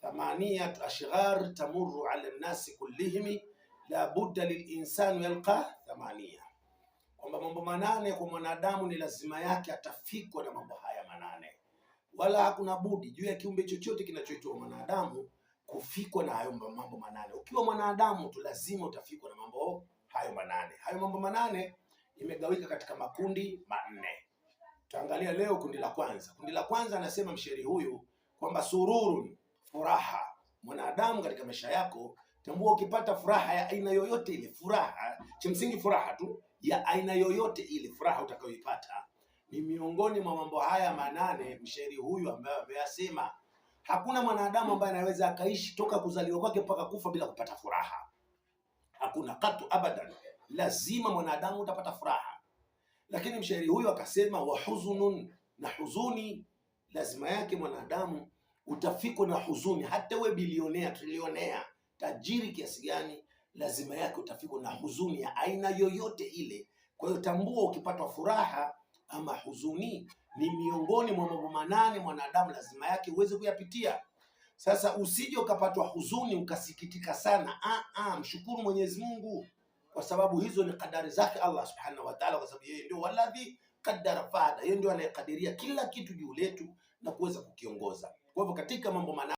thamaniyat ashghar tamurru ala nnasi kullihimi la budda lilinsanu yalqa thamania, kwamba mambo manane kwa mwanadamu ni lazima yake atafikwa na mambo haya manane, wala hakuna budi juu ya kiumbe chochote kinachoitwa mwanadamu kufikwa na hayo mambo manane. Ukiwa mwanadamu tu lazima utafikwa na mambo hayo manane. Hayo mambo manane imegawika katika makundi manne. Tuangalia leo kundi la kwanza. Kundi la kwanza anasema msheri huyu kwamba sururun furaha mwanadamu katika maisha yako, tambua ukipata furaha ya aina yoyote ile, furaha kimsingi, furaha tu ya aina yoyote ile, furaha utakayoipata ni miongoni mwa mambo haya manane mshairi huyu ambaye ameyasema. Hakuna mwanadamu ambaye anaweza akaishi toka kuzaliwa kwake mpaka kufa bila kupata furaha. Hakuna katu abadan, lazima mwanadamu utapata furaha. Lakini mshairi huyu akasema, wa huzunun, na huzuni lazima yake mwanadamu utafikwa na huzuni. Hata we bilionea, trilionea, tajiri kiasi gani, lazima yake utafikwa na huzuni ya aina yoyote ile. Kwa hiyo tambua, ukipata furaha ama huzuni ni miongoni mwa mambo manane mwanadamu lazima yake uweze kuyapitia. Sasa usije ukapatwa huzuni ukasikitika sana. Ah, mshukuru Mwenyezi Mungu kwa sababu hizo ni kadari zake Allah Subhanahu wa Ta'ala, kwa sababu yeye ndio waladhi kadara fada, yeye ndio anayekadiria kila kitu juu letu na kuweza hivyo katika mambo manane